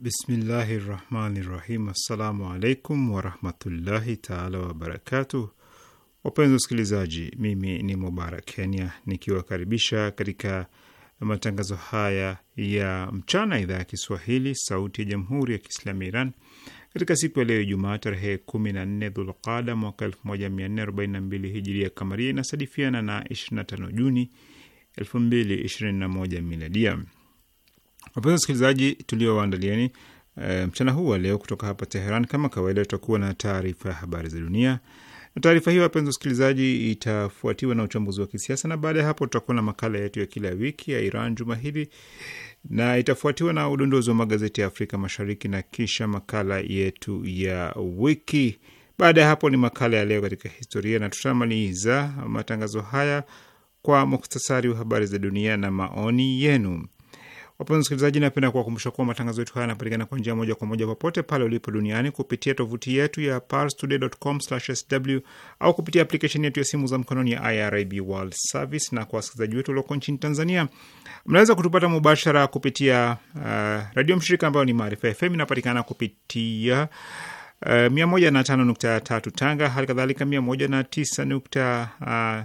Bismillahi rahmani rahim. Assalamu alaikum warahmatullahi taala wabarakatuh. Wapenzi wasikilizaji, mimi ni Mubarak Kenya nikiwakaribisha katika matangazo haya ya mchana, idhaa ya Kiswahili sauti ya jamhuri ya Kiislamu Iran katika siku ya leo Ijumaa tarehe 14 Dhulqada mwaka 1442 hijiria kamaria, inasadifiana na 25 Juni 2021 miladia. Wapenzi wasikilizaji, tuliowaandalieni e, mchana huu wa leo kutoka hapa Teheran, kama kawaida, tutakuwa na taarifa ya habari za dunia, na taarifa hiyo wapenzi wasikilizaji, itafuatiwa na uchambuzi wa kisiasa, na baada ya hapo tutakuwa na makala yetu ya kila wiki ya Iran juma hili, na itafuatiwa na udondozi wa magazeti ya Afrika Mashariki na kisha makala yetu ya wiki. Baada ya hapo ni makala ya leo katika historia, na tutamaliza matangazo haya kwa muktasari wa habari za dunia na maoni yenu. Wapenzi wasikilizaji, napenda kuwakumbusha kuwa matangazo yetu haya yanapatikana kwa njia moja kwa moja popote pale ulipo duniani kupitia tovuti yetu ya parstoday.com/sw au kupitia aplikesheni yetu ya simu za mkononi ya IRIB World Service. Na kwa wasikilizaji wetu walioko nchini Tanzania, mnaweza kutupata mubashara kupitia uh, radio mshirika ambayo ni Maarifa FM, inapatikana kupitia uh, eh, 105.3 Tanga, hali kadhalika 109 101.9 ah,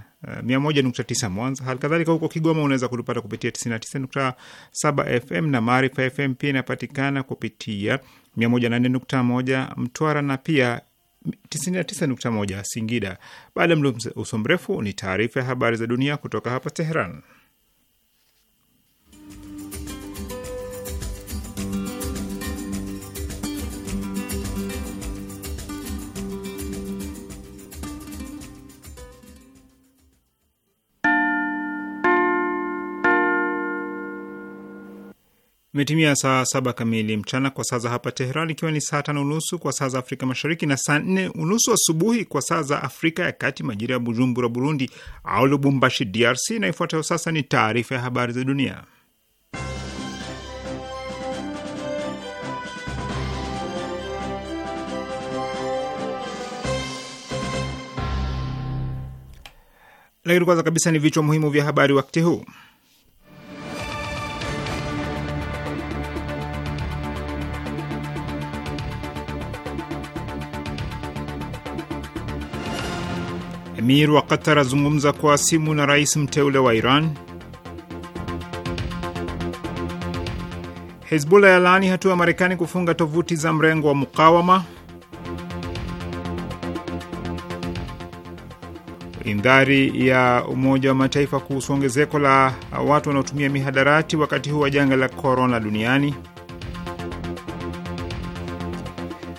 eh, Mwanza, hali kadhalika huko Kigoma unaweza kutupata kupitia 99.7 FM na Maarifa FM pia inapatikana kupitia 104.1 Mtwara na pia 99.1 Singida. Baada ya mdo uso mrefu, ni taarifa ya habari za dunia kutoka hapa Teheran. Imetimia saa saba kamili mchana kwa saa za hapa Teheran, ikiwa ni saa tano unusu kwa saa za Afrika Mashariki na saa nne unusu asubuhi kwa saa za Afrika ya Kati, majira ya Bujumbura, Burundi au Lubumbashi, DRC. Na ifuatayo sasa ni taarifa ya habari za dunia, lakini kwanza kabisa ni vichwa muhimu vya habari wakati huu. Emir wa Qatar azungumza kwa simu na rais mteule wa Iran. Hezbollah laani hatua ya Marekani kufunga tovuti za mrengo wa mukawama. Indhari ya Umoja wa Mataifa kuhusu ongezeko la watu wanaotumia mihadarati wakati huu wa janga la korona duniani.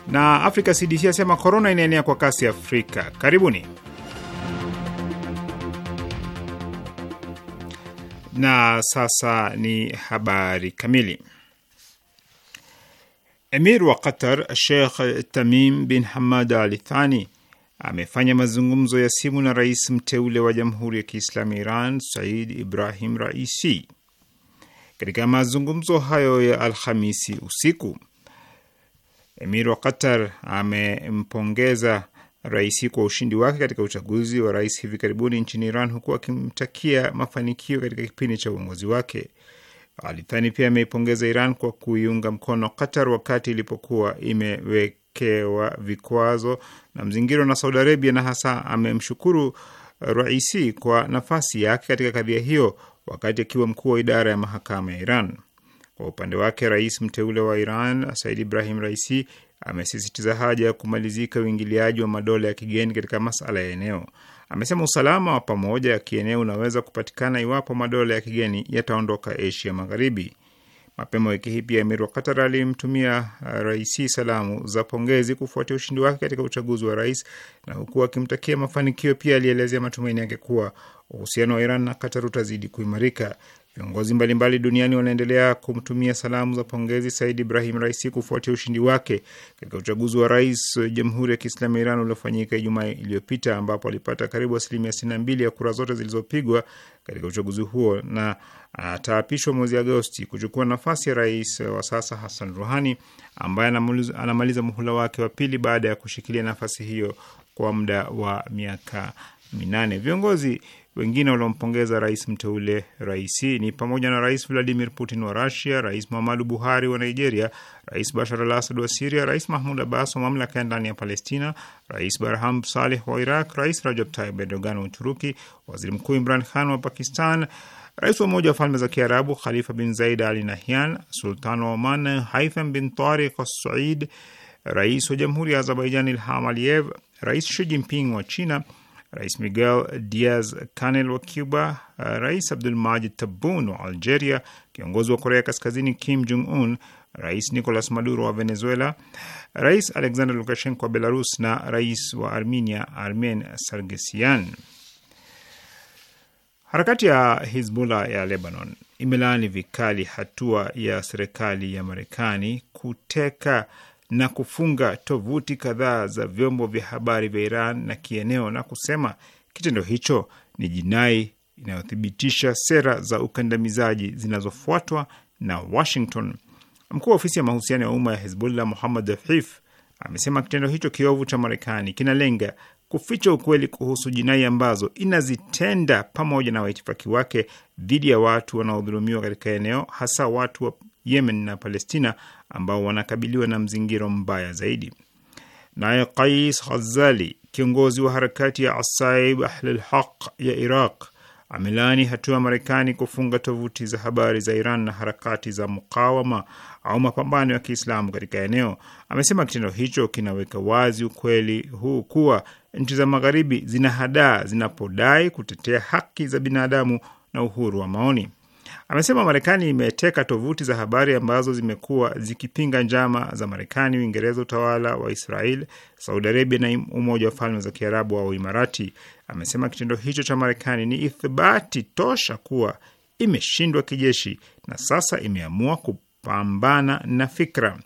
Na Afrika CDC asema korona inaenea kwa kasi Afrika. Karibuni. Na sasa ni habari kamili. Emir wa Qatar Sheikh Tamim bin Hamad Al Thani amefanya mazungumzo ya simu na rais mteule wa Jamhuri ya Kiislamu Iran Said Ibrahim Raisi. Katika mazungumzo hayo ya Alhamisi usiku, Emir wa Qatar amempongeza rais kwa ushindi wake katika uchaguzi wa rais hivi karibuni nchini Iran, huku akimtakia mafanikio katika kipindi cha uongozi wake. Alithani pia ameipongeza Iran kwa kuiunga mkono Qatar wakati ilipokuwa imewekewa vikwazo na mzingiro na Saudi Arabia, na hasa amemshukuru Raisi kwa nafasi yake katika kadhia hiyo wakati akiwa mkuu wa idara ya mahakama ya Iran. Kwa upande wake, rais mteule wa Iran Said Ibrahim Raisi amesisitiza haja ya kumalizika uingiliaji wa madola ya kigeni katika masala ya eneo. Amesema usalama wa pamoja ya kieneo unaweza kupatikana iwapo madola ya kigeni yataondoka Asia Magharibi. Mapema wiki hii pia Amir wa Qatar alimtumia Raisi salamu za pongezi kufuatia ushindi wake katika uchaguzi wa rais, na huku akimtakia mafanikio, pia alielezea matumaini yake kuwa uhusiano wa Iran na Qatar utazidi kuimarika. Viongozi mbalimbali duniani wanaendelea kumtumia salamu za pongezi Said Ibrahim Raisi kufuatia ushindi wake katika uchaguzi wa rais wa Jamhuri ya Kiislamu ya Iran uliofanyika Ijumaa iliyopita ambapo alipata karibu asilimia sitini na mbili ya kura zote zilizopigwa katika uchaguzi huo na ataapishwa mwezi Agosti kuchukua nafasi ya rais wa sasa Hassan Ruhani ambaye anamaliza muhula wake wa pili baada ya kushikilia nafasi hiyo kwa muda wa miaka minane. Viongozi wengine waliompongeza rais mteule Raisi ni pamoja na Rais Vladimir Putin wa Rusia, Rais Muhammadu Buhari wa Nigeria, Rais Bashar al Asad wa Siria, Rais Mahmud Abbas wa mamlaka ya ndani ya Palestina, Rais Barham Saleh wa Iraq, Rais Rajab Tayyip Erdogan wa Uturuki, Waziri Mkuu Imran Khan wa Pakistan, Rais wa Umoja wa Falme za Kiarabu Khalifa bin Zaid Al Nahyan, Sultan wa Oman Haitham bin Tariq Al Said, Rais wa Jamhuri ya Azerbaijan Ilham Aliyev, Rais Shi Jinping wa China Rais Miguel Diaz Canel wa Cuba, uh, Rais Abdul Majid Tabun wa Algeria, kiongozi wa Korea Kaskazini Kim Jong Un, Rais Nicolas Maduro wa Venezuela, Rais Alexander Lukashenko wa Belarus na rais wa Armenia Armen Sargesian. Harakati ya Hizbullah ya Lebanon imelaani vikali hatua ya serikali ya Marekani kuteka na kufunga tovuti kadhaa za vyombo vya habari vya Iran na kieneo na kusema kitendo hicho ni jinai inayothibitisha sera za ukandamizaji zinazofuatwa na Washington. Mkuu wa ofisi ya mahusiano ya umma ya Hezbollah Muhammad Dafif amesema kitendo hicho kiovu cha Marekani kinalenga kuficha ukweli kuhusu jinai ambazo inazitenda pamoja na waitifaki wake dhidi ya watu wanaodhulumiwa katika eneo, hasa watu Yemen na Palestina ambao wanakabiliwa na mzingiro mbaya zaidi. Naye Qais Ghazali, kiongozi wa harakati ya Asaib Ahlul Haq ya Iraq, amelaani hatua ya Marekani kufunga tovuti za habari za Iran na harakati za mukawama au mapambano ya Kiislamu katika eneo. Amesema kitendo hicho kinaweka wazi ukweli huu kuwa nchi za Magharibi zinahadaa zinapodai kutetea haki za binadamu na uhuru wa maoni. Amesema Marekani imeteka tovuti za habari ambazo zimekuwa zikipinga njama za Marekani, Uingereza, utawala wa Israel, Saudi Arabia na Umoja wa Falme za Kiarabu au Imarati. Amesema kitendo hicho cha Marekani ni ithibati tosha kuwa imeshindwa kijeshi na sasa imeamua kupambana na fikra.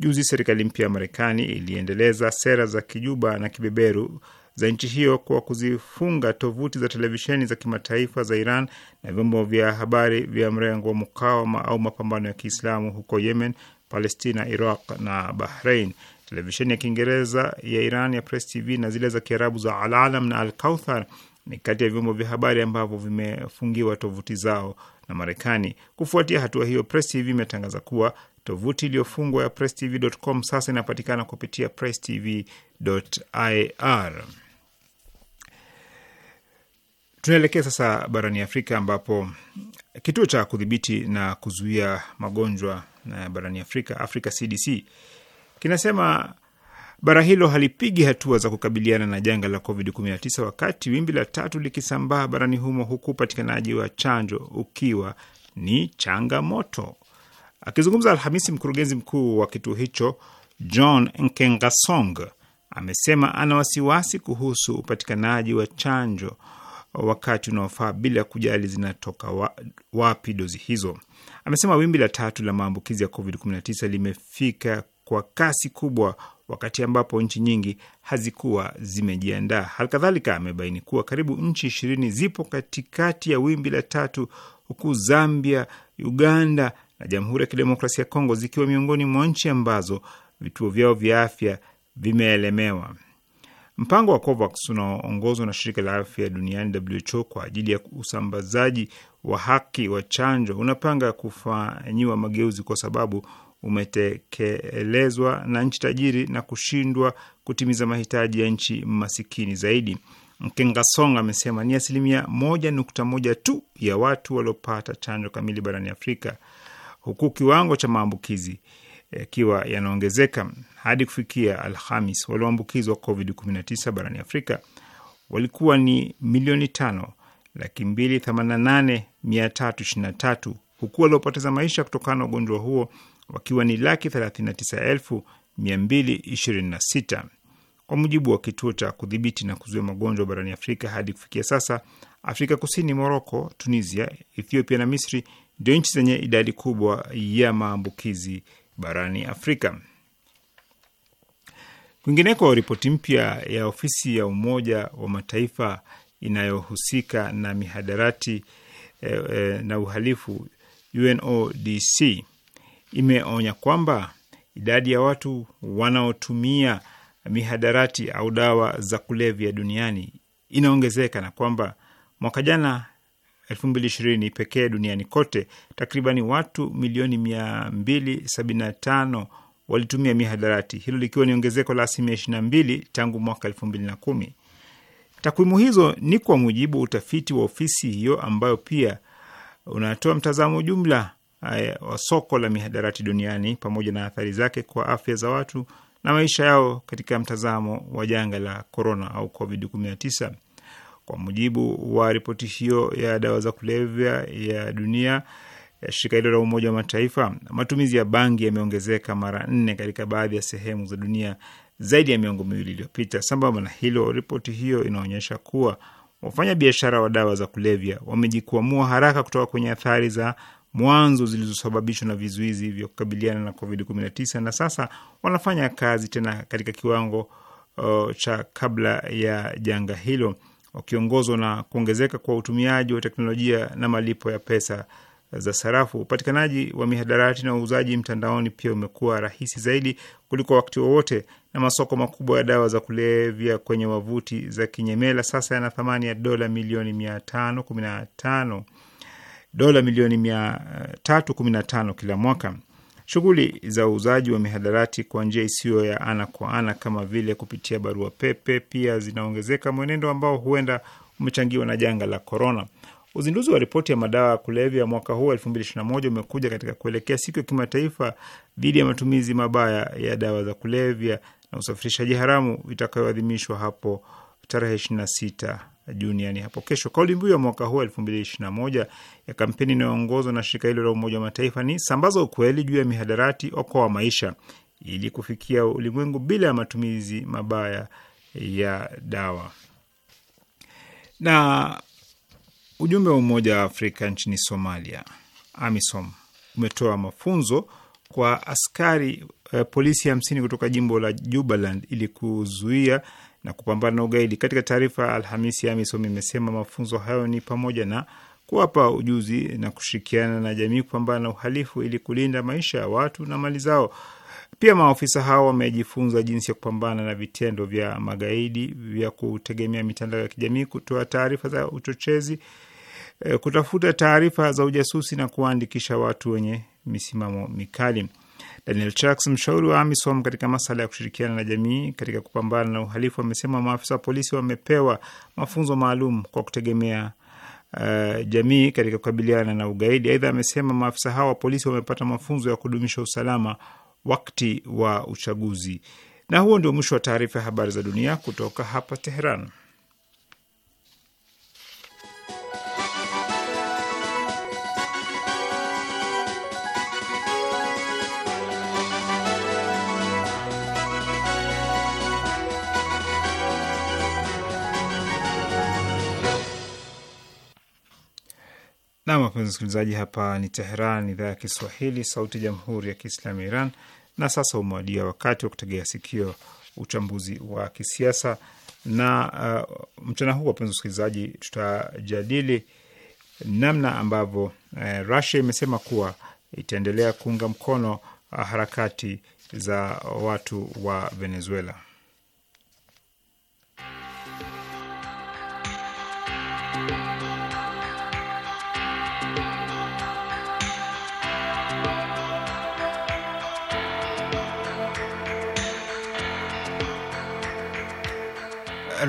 Juzi serikali mpya ya Marekani iliendeleza sera za kijuba na kibeberu za nchi hiyo kwa kuzifunga tovuti za televisheni za kimataifa za Iran na vyombo vya habari vya mrengo wa mukawama au mapambano ya Kiislamu huko Yemen, Palestina, Iraq na Bahrain. Televisheni ya Kiingereza ya Iran ya Press TV na zile za Kiarabu za Alalam na Al Kauthar ni kati ya vyombo vya habari ambavyo vimefungiwa tovuti zao na Marekani. Kufuatia hatua hiyo, Press TV imetangaza kuwa tovuti iliyofungwa ya PressTV.com sasa inapatikana kupitia PressTV.ir. Tunaelekea sasa barani Afrika ambapo kituo cha kudhibiti na kuzuia magonjwa eh, barani Afrika, Africa CDC, kinasema bara hilo halipigi hatua za kukabiliana na janga la COVID-19 wakati wimbi la tatu likisambaa barani humo, huku upatikanaji wa chanjo ukiwa ni changamoto. Akizungumza Alhamisi, mkurugenzi mkuu wa kituo hicho John Nkengasong amesema ana wasiwasi kuhusu upatikanaji wa chanjo wakati unaofaa bila kujali zinatoka wa, wapi dozi hizo. Amesema wimbi la tatu la maambukizi ya COVID-19 limefika kwa kasi kubwa wakati ambapo nchi nyingi hazikuwa zimejiandaa. Halikadhalika, amebaini kuwa karibu nchi ishirini zipo katikati ya wimbi la tatu, huku Zambia, Uganda na Jamhuri ya Kidemokrasia ya Kongo zikiwa miongoni mwa nchi ambazo vituo vyao vya afya vimeelemewa. Mpango wa COVAX unaoongozwa na shirika la afya duniani WHO kwa ajili ya usambazaji wa haki wa chanjo unapanga kufanyiwa mageuzi kwa sababu umetekelezwa na nchi tajiri na kushindwa kutimiza mahitaji ya nchi masikini zaidi. Mkengasong amesema ni asilimia moja nukta moja tu ya watu waliopata chanjo kamili barani Afrika, huku kiwango cha maambukizi yakiwa yanaongezeka. Hadi kufikia Alhamis, walioambukizwa COVID-19 barani Afrika walikuwa ni milioni tano laki mbili themanini na nane mia tatu ishirini na tatu huku waliopoteza maisha kutokana na ugonjwa huo wakiwa ni laki thelathini na tisa elfu mia mbili ishirini na sita kwa mujibu wa kituo cha kudhibiti na kuzuia magonjwa barani Afrika. Hadi kufikia sasa, Afrika Kusini, Moroko, Tunisia, Ethiopia na Misri ndio nchi zenye idadi kubwa ya maambukizi barani Afrika. Kwingineko, ripoti mpya ya ofisi ya Umoja wa Mataifa inayohusika na mihadarati eh, eh, na uhalifu UNODC imeonya kwamba idadi ya watu wanaotumia mihadarati au dawa za kulevya duniani inaongezeka na kwamba mwaka jana 2020 pekee duniani kote. Takribani watu milioni 275 walitumia mihadarati, hilo likiwa ni ongezeko la asilimia 22 tangu mwaka 2010. Takwimu hizo ni kwa mujibu wa utafiti wa ofisi hiyo ambayo pia unatoa mtazamo jumla eh, wa soko la mihadarati duniani pamoja na athari zake kwa afya za watu na maisha yao katika mtazamo wa janga la korona au covid kwa mujibu wa ripoti hiyo ya dawa za kulevya ya dunia ya shirika hilo la Umoja wa Mataifa, matumizi ya bangi yameongezeka mara nne katika baadhi ya sehemu za dunia zaidi ya miongo miwili iliyopita. Sambamba na hilo, ripoti hiyo inaonyesha kuwa wafanya biashara wa dawa za kulevya wamejikwamua haraka kutoka kwenye athari za mwanzo zilizosababishwa na vizuizi vya kukabiliana na COVID-19 na sasa wanafanya kazi tena katika kiwango uh, cha kabla ya janga hilo wakiongozwa na kuongezeka kwa utumiaji wa teknolojia na malipo ya pesa za sarafu. Upatikanaji wa mihadarati na uuzaji mtandaoni pia umekuwa rahisi zaidi kuliko wakati wowote, na masoko makubwa ya dawa za kulevya kwenye wavuti za kinyemela sasa yana thamani ya dola milioni mia tano kumi na tano dola milioni mia tatu kumi na tano kila mwaka. Shughuli za uuzaji wa mihadarati kwa njia isiyo ya ana kwa ana kama vile kupitia barua pepe pia zinaongezeka, mwenendo ambao huenda umechangiwa na janga la korona. Uzinduzi wa ripoti ya madawa ya kulevya mwaka huu 2021 umekuja katika kuelekea siku ya kimataifa dhidi ya matumizi mabaya ya dawa za kulevya na usafirishaji haramu itakayoadhimishwa hapo tarehe 26 duniani hapo kesho. Kauli mbiu ya mwaka huu elfu mbili ishirini na moja ya kampeni inayoongozwa na shirika hilo la Umoja wa Mataifa ni sambaza ukweli juu ya mihadarati, okoa maisha, ili kufikia ulimwengu bila ya matumizi mabaya ya dawa. Na ujumbe wa Umoja wa Afrika nchini Somalia, AMISOM, umetoa mafunzo kwa askari eh, polisi hamsini kutoka jimbo la Jubaland ili kuzuia na kupambana na ugaidi. Katika taarifa Alhamisi, AMISOM imesema mafunzo hayo ni pamoja na kuwapa ujuzi na kushirikiana na jamii kupambana na uhalifu ili kulinda maisha ya watu na mali zao. Pia maofisa hao wamejifunza jinsi ya kupambana na vitendo vya magaidi vya kutegemea mitandao ya kijamii, kutoa taarifa za uchochezi, eh, kutafuta taarifa za ujasusi na kuwaandikisha watu wenye misimamo mikali. Daniel Chaks, mshauri wa AMISOM katika masala ya kushirikiana na jamii katika kupambana na uhalifu, amesema maafisa wa polisi wamepewa mafunzo maalum kwa kutegemea uh, jamii katika kukabiliana na ugaidi. Aidha, amesema maafisa hao wa polisi wamepata mafunzo ya kudumisha usalama wakati wa uchaguzi. Na huo ndio mwisho wa taarifa ya habari za dunia kutoka hapa Teheran. Na wapenzi msikilizaji, hapa ni Teheran, idhaa ya Kiswahili, sauti ya jamhuri ya kiislamu ya Iran. Na sasa umewadia wakati wa kutegea sikio uchambuzi wa kisiasa na uh, mchana huu wapenzi msikilizaji, tutajadili namna ambavyo uh, Russia imesema kuwa itaendelea kuunga mkono uh, harakati za watu wa Venezuela.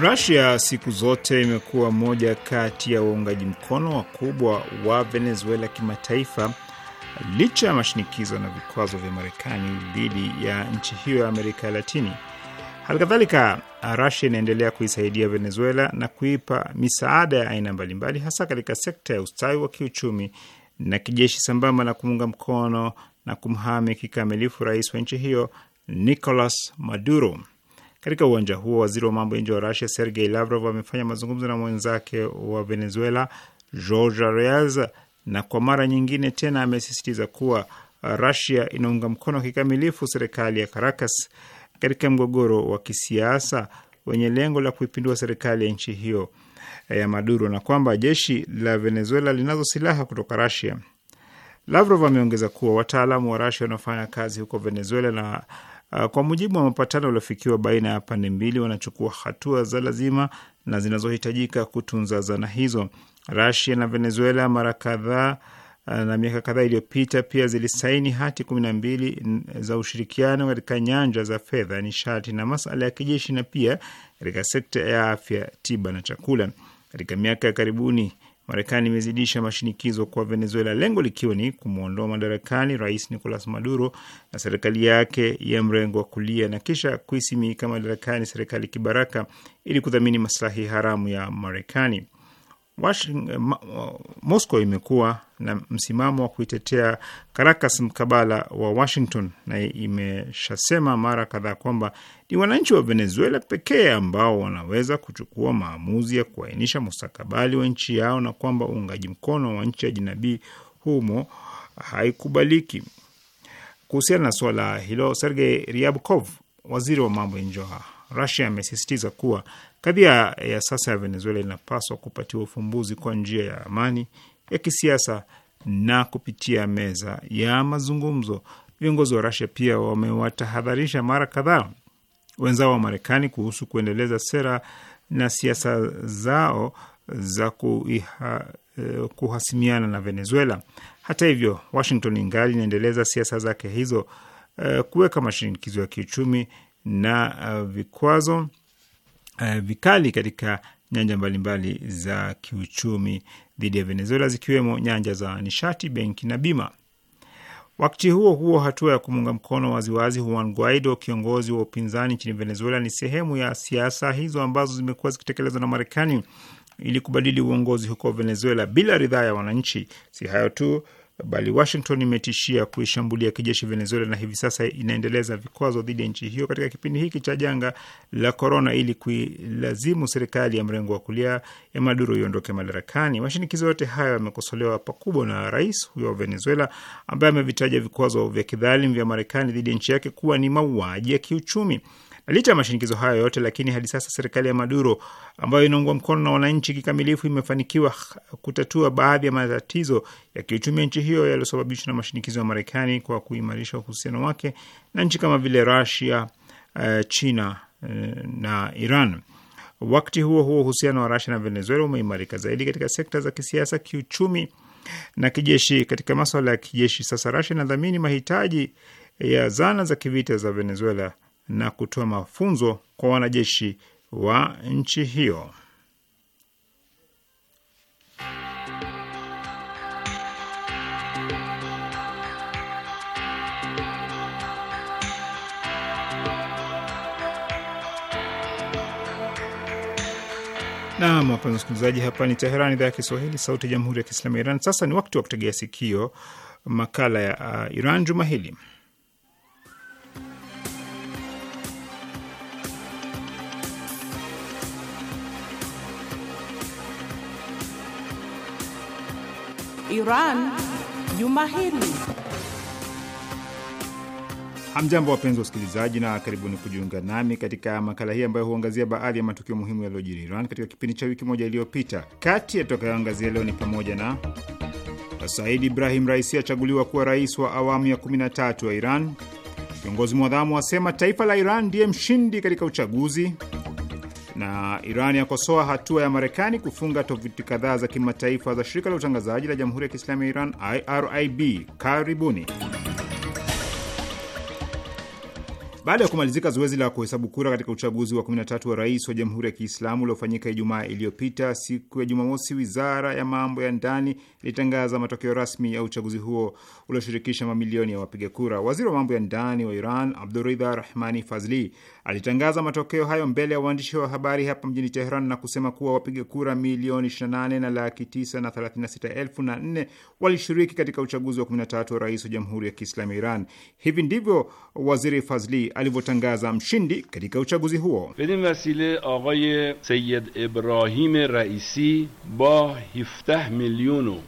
rasia siku zote imekuwa moja kati ya waungaji mkono wakubwa wa Venezuela kimataifa licha ya mashinikizo na vikwazo vya Marekani dhidi ya nchi hiyo ya Amerika ya Latini. kadhalika rasia inaendelea kuisaidia Venezuela na kuipa misaada ya aina mbalimbali, hasa katika sekta ya ustawi wa kiuchumi na kijeshi, sambamba na kumuunga mkono na kumhami kikamilifu rais wa nchi hiyo Nicolas Maduro. Katika uwanja huo, waziri wa mambo ya nje wa Rusia Sergei Lavrov amefanya mazungumzo na mwenzake wa Venezuela George Reyes, na kwa mara nyingine tena amesisitiza kuwa Rusia inaunga mkono kikamilifu serikali ya Caracas katika mgogoro wa kisiasa wenye lengo la kuipindua serikali ya nchi hiyo eh, ya Maduro na kwamba jeshi la Venezuela linazo silaha kutoka Rusia. Lavrov ameongeza kuwa wataalamu wa Rusia wanaofanya kazi huko Venezuela na Uh, kwa mujibu wa mapatano yaliyofikiwa baina ya pande mbili, wanachukua hatua za lazima na zinazohitajika kutunza zana hizo. Rasia na Venezuela mara kadhaa uh, na miaka kadhaa iliyopita pia zilisaini hati kumi na mbili za ushirikiano katika nyanja za fedha, nishati na masuala ya kijeshi, na pia katika sekta ya afya, tiba na chakula. Katika miaka ya karibuni Marekani imezidisha mashinikizo kwa Venezuela, lengo likiwa ni kumwondoa madarakani rais Nicolas Maduro na serikali yake ya mrengo wa kulia na kisha kuisimika madarakani serikali kibaraka ili kudhamini maslahi haramu ya Marekani. Eh, oh, Moscow imekuwa na msimamo wa kuitetea Caracas mkabala wa Washington na imeshasema mara kadhaa kwamba ni wananchi wa Venezuela pekee ambao wanaweza kuchukua maamuzi ya kuainisha mustakabali wa nchi yao na kwamba uungaji mkono wa nchi ya jinabii humo haikubaliki. Kuhusiana na suala hilo, Sergei Ryabkov, waziri wa mambo ya nje wa Rusia, amesisitiza kuwa Kadhia ya sasa ya Venezuela inapaswa kupatiwa ufumbuzi kwa njia ya amani ya kisiasa na kupitia meza ya mazungumzo. Viongozi wa Rasia pia wamewatahadharisha mara kadhaa wenzao wa Marekani kuhusu kuendeleza sera na siasa zao za kuiha, eh, kuhasimiana na Venezuela. Hata hivyo, Washington ingali inaendeleza siasa zake hizo, eh, kuweka mashinikizo ya kiuchumi na uh, vikwazo Eh, vikali katika nyanja mbalimbali za kiuchumi dhidi ya Venezuela zikiwemo nyanja za nishati, benki na bima. Wakati huo huo, hatua ya kumuunga mkono waziwazi Juan Guaido, kiongozi wa upinzani nchini Venezuela, ni sehemu ya siasa hizo ambazo zimekuwa zikitekelezwa na Marekani ili kubadili uongozi huko Venezuela bila ridhaa ya wananchi. Si hayo tu bali Washington imetishia kuishambulia kijeshi Venezuela na hivi sasa inaendeleza vikwazo dhidi ya nchi hiyo katika kipindi hiki cha janga la korona, ili kuilazimu serikali ya mrengo wa kulia ya Maduro iondoke madarakani. Mashinikizo yote hayo yamekosolewa pakubwa na rais huyo wa Venezuela ambaye amevitaja vikwazo vya kidhalimu vya Marekani dhidi ya nchi yake kuwa ni mauaji ya kiuchumi. Licha ya mashinikizo hayo yote, lakini hadi sasa serikali ya Maduro ambayo inaungwa mkono na wananchi kikamilifu imefanikiwa kutatua baadhi ya matatizo ya kiuchumi ya nchi hiyo yaliyosababishwa na mashinikizo ya Marekani kwa kuimarisha uhusiano wake na nchi kama vile Rusia, eh, China eh, na Iran. Wakati huo huo, uhusiano wa Rusia na Venezuela umeimarika zaidi katika sekta za kisiasa, kiuchumi na kijeshi. Katika maswala ya kijeshi, sasa Rusia inadhamini mahitaji ya zana za kivita za Venezuela na kutoa mafunzo kwa wanajeshi wa nchi hiyo. Nam, wapenzi wasikilizaji, hapa ni Teheran, idhaa ya Kiswahili, sauti ya jamhuri ya kiislamu ya Iran. Sasa ni wakati wa kutegea sikio makala ya uh, Iran juma hili. Iran juma hili. Hamjambo, wapenzi wa usikilizaji, na karibuni kujiunga nami katika makala hii ambayo huangazia baadhi ya matukio muhimu yaliyojiri Iran katika kipindi cha wiki moja iliyopita. Kati ya tutakayoangazia leo ni pamoja na Said Ibrahim Raisi achaguliwa kuwa rais wa awamu ya 13 wa Iran, kiongozi mwadhamu wasema taifa la Iran ndiye mshindi katika uchaguzi na Iran yakosoa hatua ya Marekani kufunga tovuti kadhaa za kimataifa za shirika la utangazaji la Jamhuri ya Kiislamu ya Iran IRIB. Karibuni. Baada ya kumalizika zoezi la kuhesabu kura katika uchaguzi wa 13 wa rais wa Jamhuri ya Kiislamu uliofanyika Ijumaa iliyopita, siku ya Jumamosi, wizara ya mambo ya ndani ilitangaza matokeo rasmi ya uchaguzi huo ulioshirikisha mamilioni ya wapiga kura. Waziri wa mambo ya ndani wa Iran Abduridha Rahmani Fazli Alitangaza matokeo hayo mbele ya waandishi wa habari hapa mjini Teheran na kusema kuwa wapiga kura milioni 28 na laki 9 na 36 elfu na walishiriki katika uchaguzi wa 13 wa rais wa Jamhuri ya Kiislamu ya Iran. Hivi ndivyo Waziri Fazli alivyotangaza mshindi katika uchaguzi huo. Bedin vasile aghaye Sayyid Ibrahim Raisi ba 17 milioni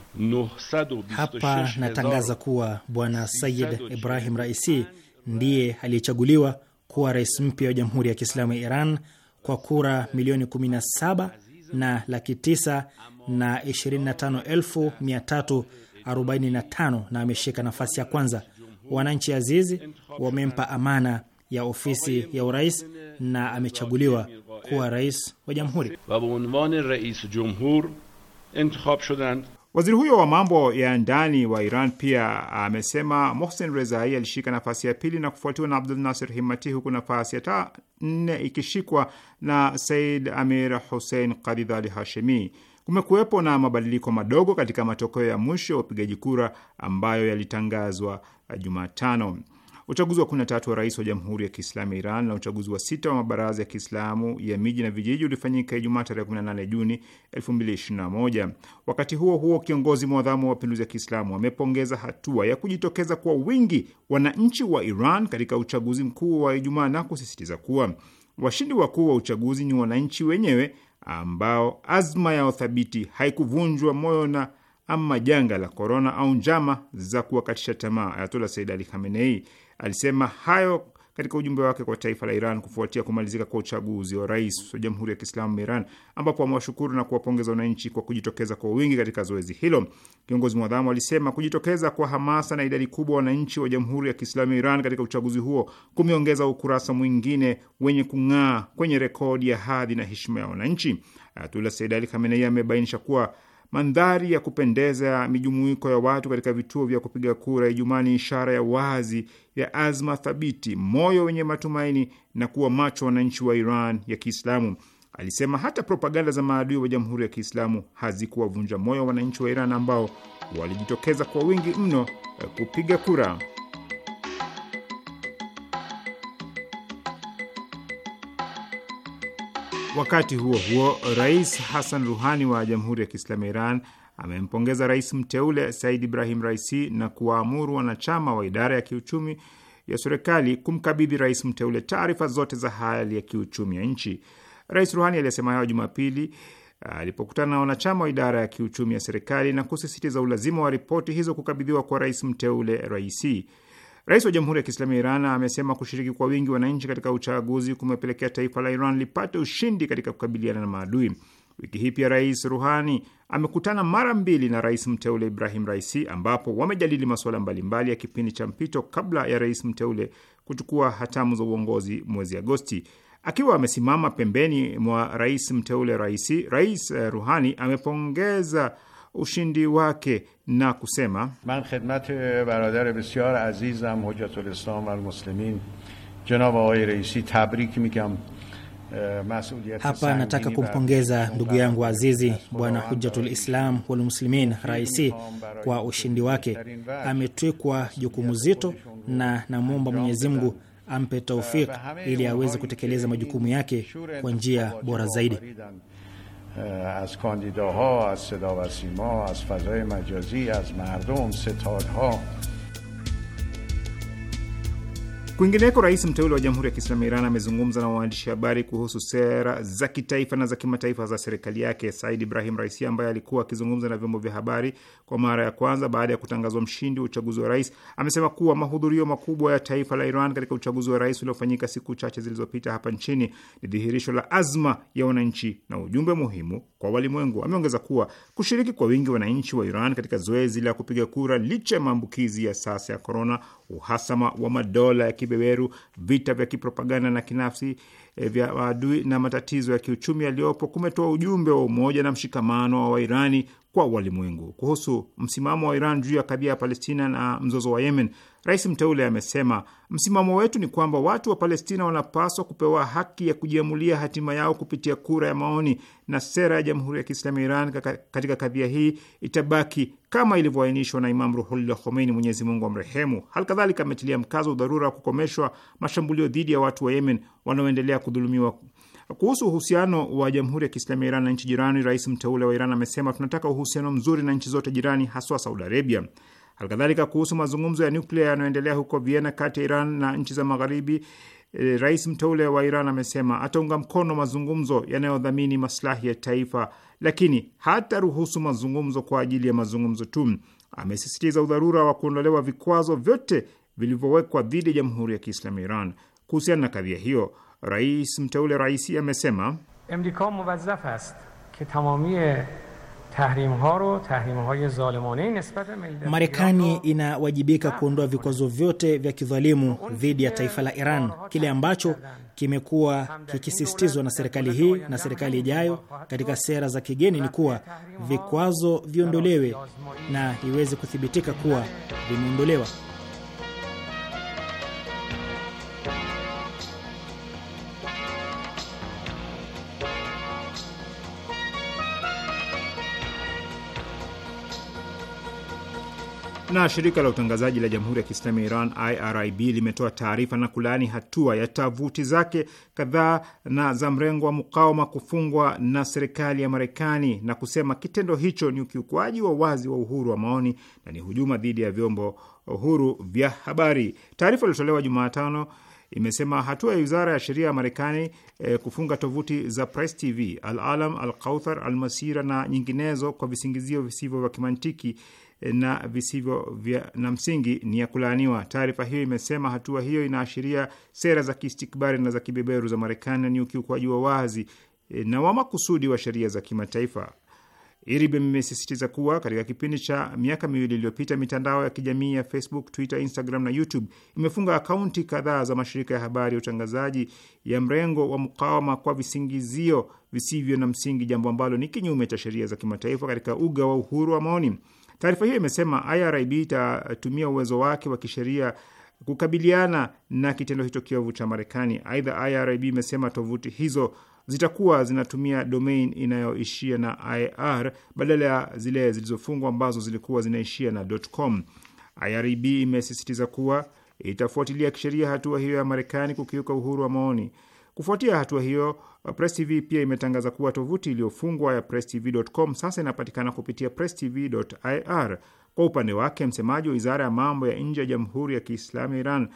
hapa natangaza kuwa Bwana Sayid Ibrahim Raisi ndiye aliyechaguliwa kuwa rais mpya wa Jamhuri ya Kiislamu ya Iran kwa kura milioni 17 na laki 9 na 25,345 na ameshika nafasi ya kwanza. Wananchi azizi wamempa amana ya ofisi ya urais na amechaguliwa kuwa rais wa jamhuri. Waziri huyo wa mambo ya ndani wa Iran pia amesema Mohsen Rezai alishika nafasi ya pili na kufuatiwa na Abdul Nasir Himati, huku nafasi ya nne ikishikwa na Said Amir Hussein Kadidhali Hashemi. Kumekuwepo na mabadiliko madogo katika matokeo ya mwisho ya upigaji kura ambayo yalitangazwa Jumatano uchaguzi wa 13 wa rais wa Jamhuri ya Kiislamu ya Iran na uchaguzi wa sita wa mabaraza ya Kiislamu ya miji na vijiji ulifanyika Ijumaa tarehe 18 Juni 221 Wakati huo huo, kiongozi mwadhamu wa mapinduzi ya Kiislamu amepongeza hatua ya kujitokeza kwa wingi wananchi wa Iran katika uchaguzi mkuu wa Ijumaa na kusisitiza kuwa washindi wakuu wa uchaguzi ni wananchi wenyewe ambao azma yao thabiti haikuvunjwa moyo na ama janga la korona au njama za kuwakatisha tamaa Ayatola Said Ali Khamenei Alisema hayo katika ujumbe wake kwa taifa la Iran kufuatia kumalizika kwa uchaguzi wa rais wa Jamhuri ya Kiislamu Iran, ambapo amewashukuru na kuwapongeza wananchi kwa kujitokeza kwa wingi katika zoezi hilo. Kiongozi mwadhamu alisema kujitokeza kwa hamasa na idadi kubwa wananchi wa Jamhuri ya Kiislamu ya Iran katika uchaguzi huo kumeongeza ukurasa mwingine wenye kung'aa kwenye rekodi ya hadhi na heshima ya wananchi. Ayatullah Sayyid Ali Khamenei amebainisha kuwa Mandhari ya kupendeza ya mijumuiko ya watu katika vituo vya kupiga kura Ijumaa ni ishara ya wazi ya azma thabiti, moyo wenye matumaini na kuwa macho wananchi wa Iran ya Kiislamu. Alisema hata propaganda za maadui wa Jamhuri ya Kiislamu hazikuwavunja moyo wananchi wa Iran ambao walijitokeza kwa wingi mno kupiga kura. Wakati huo huo, Rais Hassan Ruhani wa Jamhuri ya Kiislamu ya Iran amempongeza rais mteule Said Ibrahim Raisi na kuwaamuru wanachama wa idara ya kiuchumi ya serikali kumkabidhi rais mteule taarifa zote za hali ya kiuchumi ya nchi. Rais Ruhani aliyesema hayo Jumapili uh, alipokutana na wanachama wa idara ya kiuchumi ya serikali na kusisitiza ulazima wa ripoti hizo kukabidhiwa kwa rais mteule Raisi. Rais wa Jamhuri ya Kiislamu ya Iran amesema kushiriki kwa wingi wananchi katika uchaguzi kumepelekea taifa la Iran lipate ushindi katika kukabiliana na maadui. Wiki hii pia Rais Ruhani amekutana mara mbili na rais mteule Ibrahim Raisi, ambapo wamejadili masuala mbalimbali ya kipindi cha mpito kabla ya rais mteule kuchukua hatamu za uongozi mwezi Agosti. Akiwa amesimama pembeni mwa rais mteule Raisi, Rais eh, Ruhani amepongeza ushindi wake na kusema, man khidmat baradar besyar azizam hujjatul islam wal muslimin janab aay raisi tabrik migam eh, hapa nataka kumpongeza ndugu yangu azizi Bwana Hujjatul Islam wal Muslimin Raisi kwa ushindi wake. Ametwikwa jukumu zito, na namwomba Mwenyezi Mungu ampe taufik ili aweze kutekeleza majukumu yake kwa njia bora zaidi. از کاندیداها از صدا و سیما از فضای مجازی از مردم ستادها Kwingineko, rais mteule wa Jamhuri ya Kiislamu ya Iran amezungumza na waandishi habari kuhusu sera za kitaifa na za kimataifa za serikali yake. Said Ibrahim Raisi, ambaye alikuwa akizungumza na vyombo vya habari kwa mara ya kwanza baada ya kutangazwa mshindi wa uchaguzi wa rais, amesema kuwa mahudhurio makubwa ya taifa la Iran katika uchaguzi wa rais uliofanyika siku chache zilizopita hapa nchini ni dhihirisho la azma ya wananchi na ujumbe muhimu kwa walimwengu. Ameongeza kuwa kushiriki kwa wingi wananchi wa Iran katika zoezi la kupiga kura licha ya maambukizi ya sasa ya korona uhasama wa madola ya kibeberu, vita vya kipropaganda na kinafsi e, vya maadui na matatizo ya kiuchumi yaliyopo kumetoa ujumbe wa umoja na mshikamano wa Wairani kwa walimwengu. Kuhusu msimamo wa Iran juu ya kadhia ya Palestina na mzozo wa Yemen, rais mteule amesema, msimamo wetu ni kwamba watu wa Palestina wanapaswa kupewa haki ya kujiamulia hatima yao kupitia kura ya maoni, na sera ya Jamhuri ya Kiislamu ya Iran katika kadhia hii itabaki kama ilivyoainishwa na Imam Ruhullah Khomeini, Mwenyezi Mungu amrehemu. Hali kadhalika ametilia mkazo udharura wa kukomeshwa mashambulio dhidi ya watu wa Yemen wanaoendelea kudhulumiwa kuhusu uhusiano wa Jamhuri ya Kiislamu ya Iran na nchi jirani, rais mteule wa Iran amesema tunataka uhusiano mzuri na nchi zote jirani, haswa Saudi Arabia. Halikadhalika, kuhusu mazungumzo ya nuklia yanayoendelea huko Vienna kati ya Iran na nchi za Magharibi, e, rais mteule wa Iran amesema ataunga mkono mazungumzo yanayodhamini maslahi ya taifa, lakini hataruhusu mazungumzo kwa ajili ya mazungumzo tu. Amesisitiza udharura wa kuondolewa vikwazo vyote vilivyowekwa dhidi ya Jamhuri ya Kiislamu ya Iran. Kuhusiana na kadhia hiyo Rais mteule Raisi amesema MDK muwazzaf ast ke tamami Marekani inawajibika kuondoa vikwazo vyote vya kidhalimu dhidi ya taifa la Iran, kile ambacho kimekuwa kikisisitizwa na serikali hii na serikali ijayo katika sera za kigeni ni kuwa vikwazo viondolewe na iweze kuthibitika kuwa vimeondolewa. Na shirika la utangazaji la Jamhuri ya Kiislamu ya Iran IRIB limetoa taarifa na kulaani hatua ya tavuti zake kadhaa na za mrengo wa mukawama kufungwa na serikali ya Marekani na kusema kitendo hicho ni ukiukwaji wa wazi wa uhuru wa maoni na ni hujuma dhidi ya vyombo uhuru vya habari. Taarifa iliyotolewa Jumatano imesema hatua ya wizara ya sheria ya Marekani e, kufunga tovuti za Press TV, Al Alam, Al Kauthar, Al Masira na nyinginezo kwa visingizio visivyo vya kimantiki Eh, na visivyo vya na msingi ni ya kulaaniwa. Taarifa hiyo imesema hatua hiyo inaashiria sera za kiistikbari na za kibeberu za Marekani na ni ukiukwaji wa wazi eh, na wa makusudi wa sheria za kimataifa. IRIB imesisitiza kuwa katika kipindi cha miaka miwili iliyopita mitandao ya kijamii ya Facebook, Twitter, Instagram na YouTube imefunga akaunti kadhaa za mashirika ya habari ya utangazaji ya mrengo wa mukawama kwa visingizio visivyo na msingi, jambo ambalo ni kinyume cha sheria za kimataifa katika uga wa uhuru wa maoni. Taarifa hiyo imesema IRIB itatumia uwezo wake wa kisheria kukabiliana na kitendo hicho kiovu cha Marekani. Aidha, IRIB imesema tovuti hizo zitakuwa zinatumia domain inayoishia na ir badala ya zile zilizofungwa ambazo zilikuwa zinaishia na .com. IRIB imesisitiza kuwa itafuatilia kisheria hatua hiyo ya Marekani kukiuka uhuru wa maoni. Kufuatia hatua hiyo, Press TV pia imetangaza kuwa tovuti iliyofungwa ya presstv.com sasa inapatikana kupitia presstv.ir. Kwa upande wake, msemaji wa wizara ya mambo ya nje ya Jamhuri ya Kiislamu ya Iran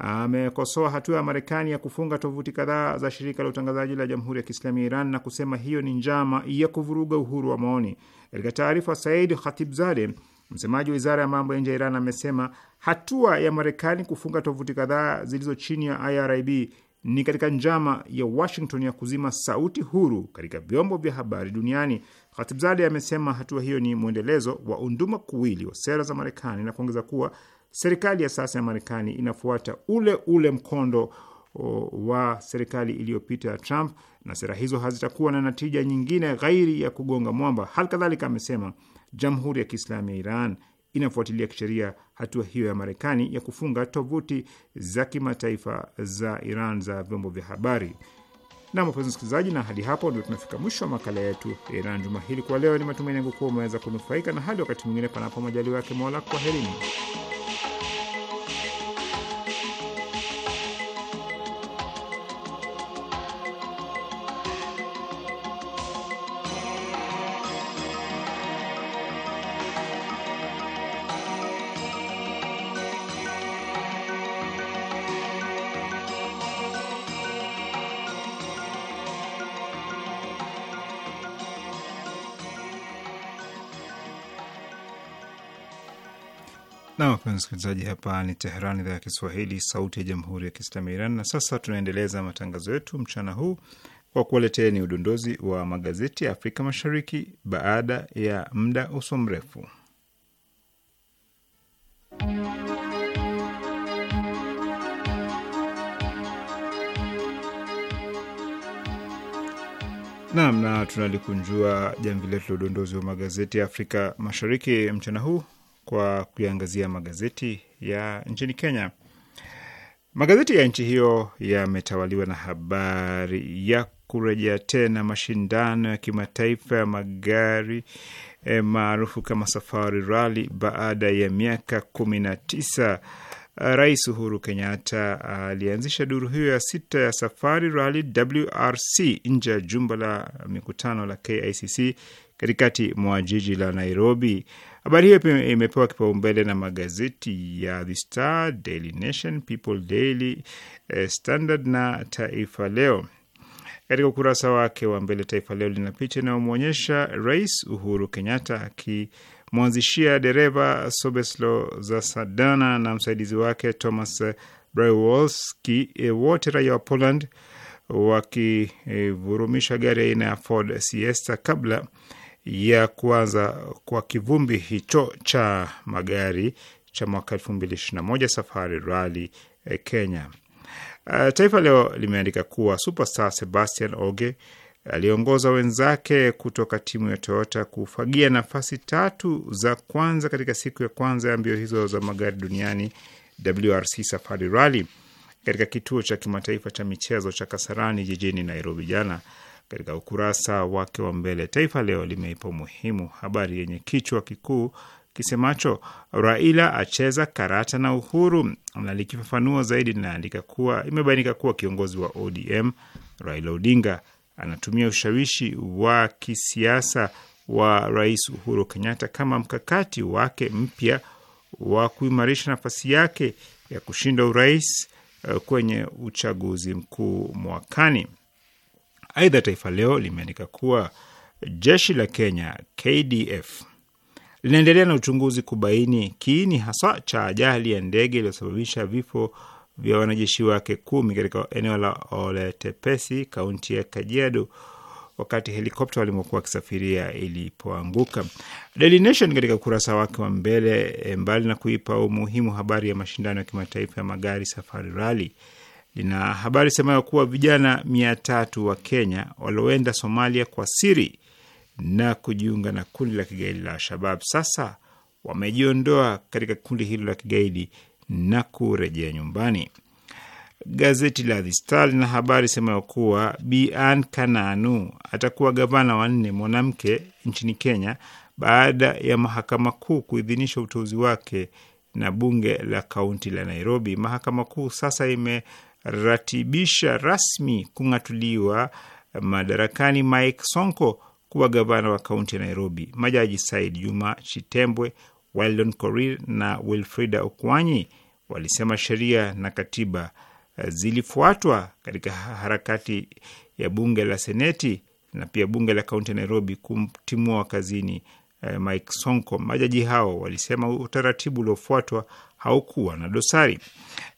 amekosoa hatua ya Marekani ya kufunga tovuti kadhaa za shirika la utangazaji la Jamhuri ya Kiislamu ya Iran na kusema hiyo ni njama ya kuvuruga uhuru wa maoni. Katika taarifa, Said Khatibzadeh, msemaji wa wizara ya mambo ya nje ya Iran, amesema hatua ya Marekani kufunga tovuti kadhaa zilizo chini ya IRIB ni katika njama ya Washington ya kuzima sauti huru katika vyombo vya habari duniani. Khatibzade amesema hatua hiyo ni mwendelezo wa unduma kuwili wa sera za Marekani na kuongeza kuwa serikali ya sasa ya Marekani inafuata ule ule mkondo wa serikali iliyopita ya Trump na sera hizo hazitakuwa na natija nyingine ghairi ya kugonga mwamba. Hali kadhalika amesema Jamhuri ya Kiislamu ya Iran inafuatilia kisheria hatua hiyo ya Marekani ya kufunga tovuti za kimataifa za Iran za vyombo vya habari. Na wapenzi msikilizaji, na hadi hapo ndio tunafika mwisho wa makala yetu ya Iran juma hili kwa leo. Ni matumaini yangu kuwa umeweza kunufaika, na hadi wakati mwingine, panapo majaliwa yake Mola, kwaherini. Na wapenzi msikilizaji, hapa ni teheran idhaa ya Kiswahili, sauti ya jamhuri ya kiislamu ya Iran. Na sasa tunaendeleza matangazo yetu mchana huu kwa ni udondozi wa magazeti ya Afrika Mashariki baada ya muda uso mrefu. Naam, na tunalikunjua jamvi letu la udondozi wa magazeti ya Afrika Mashariki mchana huu kwa kuiangazia magazeti ya nchini Kenya. Magazeti ya nchi hiyo yametawaliwa na habari ya kurejea tena mashindano ya kimataifa ya magari e, maarufu kama Safari Rally baada ya miaka kumi na tisa. Rais Uhuru Kenyatta alianzisha duru hiyo ya sita ya Safari Rally WRC nje ya jumba la mikutano la KICC katikati mwa jiji la Nairobi Habari hiyo imepewa kipaumbele na magazeti ya The Star, Daily Nation, People Daily, eh, Standard na Taifa Leo. Katika ukurasa wake wa mbele, Taifa Leo lina picha inayomwonyesha Rais Uhuru Kenyatta akimwanzishia dereva Sobeslo za Sadana na msaidizi wake Thomas Brewolski, eh, wote raia wa Poland, wakivurumisha gari aina ya Ford Siesta kabla ya kuanza kwa kivumbi hicho cha magari cha mwaka 221 Safari e, Kenya. Eh, Taifa Leo limeandika kuwa superstar Sebastian Oge aliongoza wenzake kutoka timu ya Toyota kufagia nafasi tatu za kwanza katika siku ya kwanza ya mbio hizo za magari duniani WRC Safari rali katika kituo cha kimataifa cha michezo cha Kasarani jijini Nairobi jana katika ukurasa wake wa mbele. Taifa Leo limeipa umuhimu habari yenye kichwa kikuu kisemacho Raila acheza karata na Uhuru, na likifafanua zaidi linaandika kuwa imebainika kuwa kiongozi wa ODM Raila Odinga anatumia ushawishi wa kisiasa wa Rais Uhuru Kenyatta kama mkakati wake mpya wa kuimarisha nafasi yake ya kushinda urais eh, kwenye uchaguzi mkuu mwakani. Aidha, Taifa Leo limeandika kuwa jeshi la Kenya KDF linaendelea na uchunguzi kubaini kiini hasa cha ajali ya ndege iliyosababisha vifo vya wanajeshi wake kumi katika eneo la Oletepesi, kaunti ya Kajiado, wakati helikopta walimokuwa wakisafiria ilipoanguka. Daily Nation katika ukurasa wake wa mbele, eh, mbali na kuipa umuhimu habari ya mashindano ya kimataifa ya magari Safari rali lina habari semayo kuwa vijana mia tatu wa Kenya walioenda Somalia kwa siri na kujiunga na kundi la kigaidi la Al-Shabab sasa wamejiondoa katika kundi hilo la kigaidi na kurejea nyumbani. Gazeti la The Star lina habari semayo kuwa Bi Kananu atakuwa gavana wa nne mwanamke nchini Kenya baada ya mahakama kuu kuidhinisha uteuzi wake na bunge la kaunti la Nairobi. Mahakama kuu sasa ime ratibisha rasmi kung'atuliwa madarakani Mike Sonko kuwa gavana wa kaunti ya Nairobi. Majaji Said Juma Chitembwe, Weldon Korir na Wilfrida Okwanyi walisema sheria na katiba zilifuatwa katika harakati ya bunge la seneti na pia bunge la kaunti ya Nairobi kumtimua kazini eh, Mike Sonko. Majaji hao walisema utaratibu uliofuatwa haukuwa na dosari.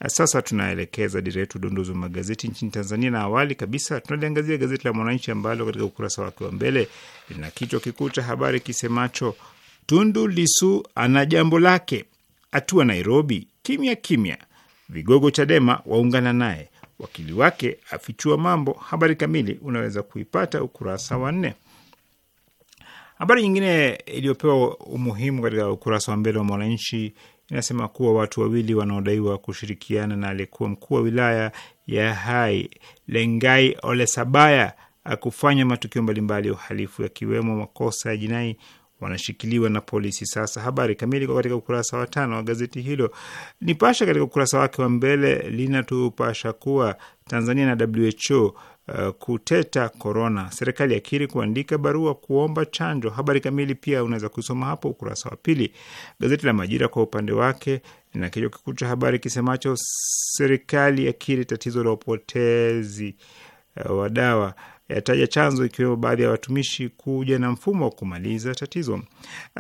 Sasa tunaelekeza dira yetu udondozi wa magazeti nchini Tanzania, na awali kabisa tunaliangazia gazeti la Mwananchi ambalo katika ukurasa wake wa mbele lina kichwa kikuu cha habari kisemacho Tundu Lisu ana jambo lake, atua Nairobi kimya kimya, vigogo Chadema waungana naye, wakili wake afichua mambo. Habari kamili unaweza kuipata ukurasa wa nne. Habari nyingine iliyopewa umuhimu katika ukurasa wa mbele wa Mwananchi inasema kuwa watu wawili wanaodaiwa kushirikiana na aliyekuwa mkuu wa wilaya ya Hai Lengai Olesabaya akufanya matukio mbalimbali ya uhalifu yakiwemo makosa ya jinai wanashikiliwa na polisi. Sasa habari kamili kwa katika ukurasa wa tano wa gazeti hilo. pasha katika ukurasa wake wa mbele linatupasha kuwa Tanzania na WHO Eh, kuteta korona, serikali yakiri kuandika barua kuomba chanjo. Habari kamili pia unaweza kusoma hapo ukurasa wa pili. Gazeti la Majira kwa upande wake lina kichwa kikuu cha habari kisemacho serikali yakiri tatizo la upotezi eh, wa dawa yataja chanzo ikiwemo baadhi ya watumishi kuja na mfumo wa kumaliza tatizo.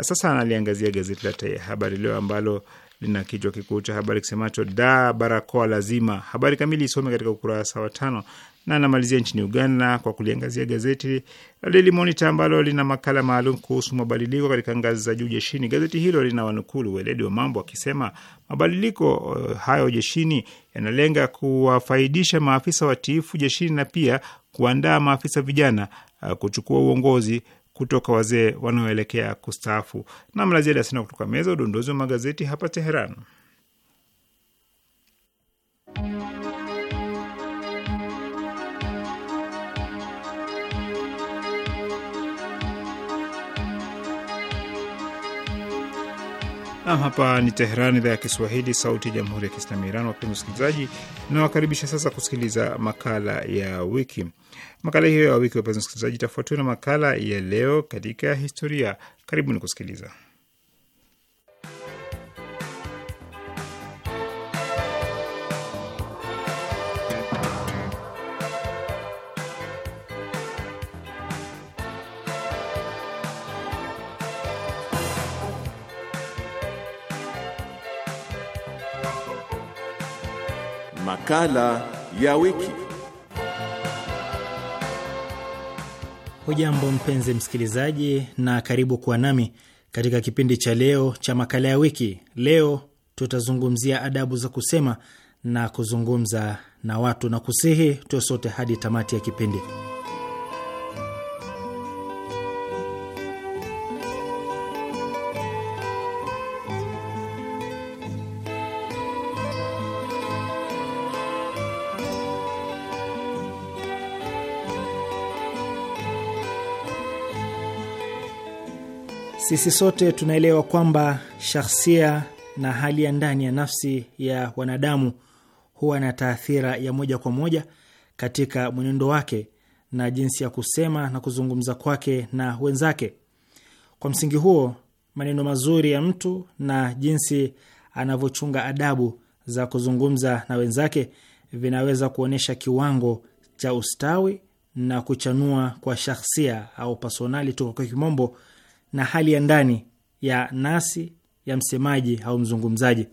Sasa analiangazia gazeti la Habari Leo ambalo lina kichwa kikuu cha habari kisemacho da barakoa lazima. Habari kamili isome katika ukurasa wa tano na anamalizia nchini Uganda kwa kuliangazia gazeti la Daily Monitor ambalo lina makala maalum kuhusu mabadiliko katika ngazi za juu jeshini. Gazeti hilo lina wanukulu weledi wa mambo akisema mabadiliko uh, hayo jeshini yanalenga kuwafaidisha maafisa watiifu jeshini na pia kuandaa maafisa vijana uh, kuchukua uongozi kutoka wazee wanaoelekea kustaafu. Na mlazia dasina kutoka meza udondozi wa magazeti hapa Teheran. Nam, hapa ni Teheran, idhaa ya Kiswahili, sauti ya jamhuri ya kiislamu ya Iran. Wapenzi wasikilizaji, nawakaribisha sasa kusikiliza makala ya wiki. Makala hiyo ya wiki, wapenzi wasikilizaji, itafuatiwa na makala ya leo katika historia. Karibuni kusikiliza. Makala ya wiki. Hujambo mpenzi msikilizaji, na karibu kuwa nami katika kipindi cha leo cha makala ya wiki. Leo tutazungumzia adabu za kusema na kuzungumza na watu, na kusihi tuwe sote hadi tamati ya kipindi. Sisi sote tunaelewa kwamba shahsia na hali ya ndani ya nafsi ya wanadamu huwa na taathira ya moja kwa moja katika mwenendo wake na jinsi ya kusema na kuzungumza kwake na wenzake. Kwa msingi huo, maneno mazuri ya mtu na jinsi anavyochunga adabu za kuzungumza na wenzake vinaweza kuonyesha kiwango cha ustawi na kuchanua kwa shahsia au personality kwa kimombo na hali ya ndani ya nasi ya msemaji au mzungumzaji.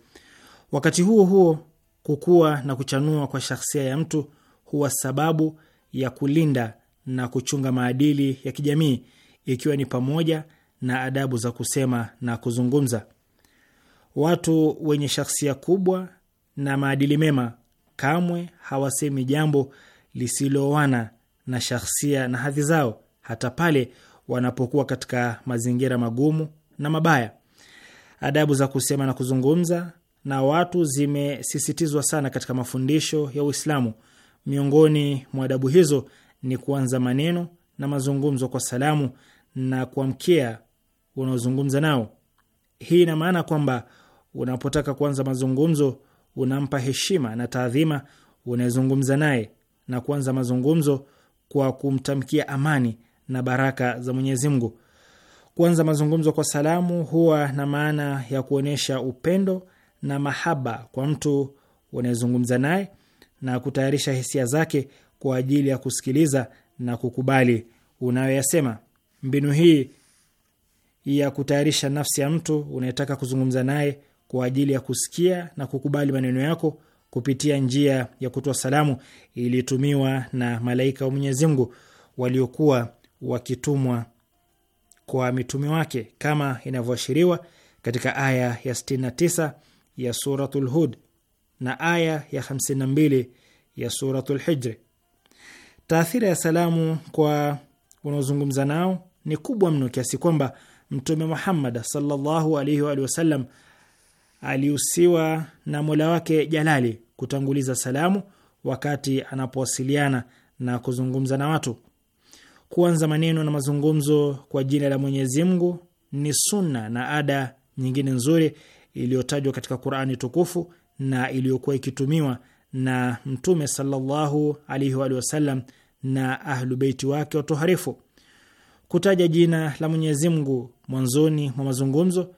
Wakati huo huo, kukua na kuchanua kwa shahsia ya mtu huwa sababu ya kulinda na kuchunga maadili ya kijamii, ikiwa ni pamoja na adabu za kusema na kuzungumza. Watu wenye shahsia kubwa na maadili mema kamwe hawasemi jambo lisiloana na shahsia na hadhi zao, hata pale wanapokuwa katika mazingira magumu na mabaya. Adabu za kusema na kuzungumza na watu zimesisitizwa sana katika mafundisho ya Uislamu. Miongoni mwa adabu hizo ni kuanza maneno na mazungumzo kwa salamu na kuamkia unaozungumza nao. Hii ina maana kwamba unapotaka kuanza mazungumzo, unampa heshima na taadhima unayezungumza naye na kuanza mazungumzo kwa kumtamkia amani na baraka za Mwenyezi Mungu. Kuanza mazungumzo kwa salamu huwa na maana ya kuonyesha upendo na mahaba kwa mtu unayezungumza naye na kutayarisha hisia zake kwa ajili ya kusikiliza na kukubali unayoyasema. Mbinu hii ya kutayarisha nafsi ya mtu unayetaka kuzungumza naye kwa ajili ya kusikia na kukubali maneno yako kupitia njia ya kutoa salamu ilitumiwa na malaika wa Mwenyezi Mungu waliokuwa wakitumwa kwa mitume wake kama inavyoashiriwa katika aya ya 69 ya Suratul Hud na aya ya 52 ya Suratul Hijri. Taathira ya salamu kwa unaozungumza nao ni kubwa mno kiasi kwamba Mtume Muhammad sallallahu alaihi wa sallam aliusiwa na Mola wake jalali kutanguliza salamu wakati anapowasiliana na kuzungumza na watu kuanza maneno na mazungumzo kwa jina la Mwenyezi Mungu ni sunna na ada nyingine nzuri iliyotajwa katika Qur'ani tukufu na iliyokuwa ikitumiwa na Mtume sallallahu alaihi wa sallam na ahlubeiti wake watoharifu. Kutaja jina la Mwenyezi Mungu mwanzoni mwa mazungumzo,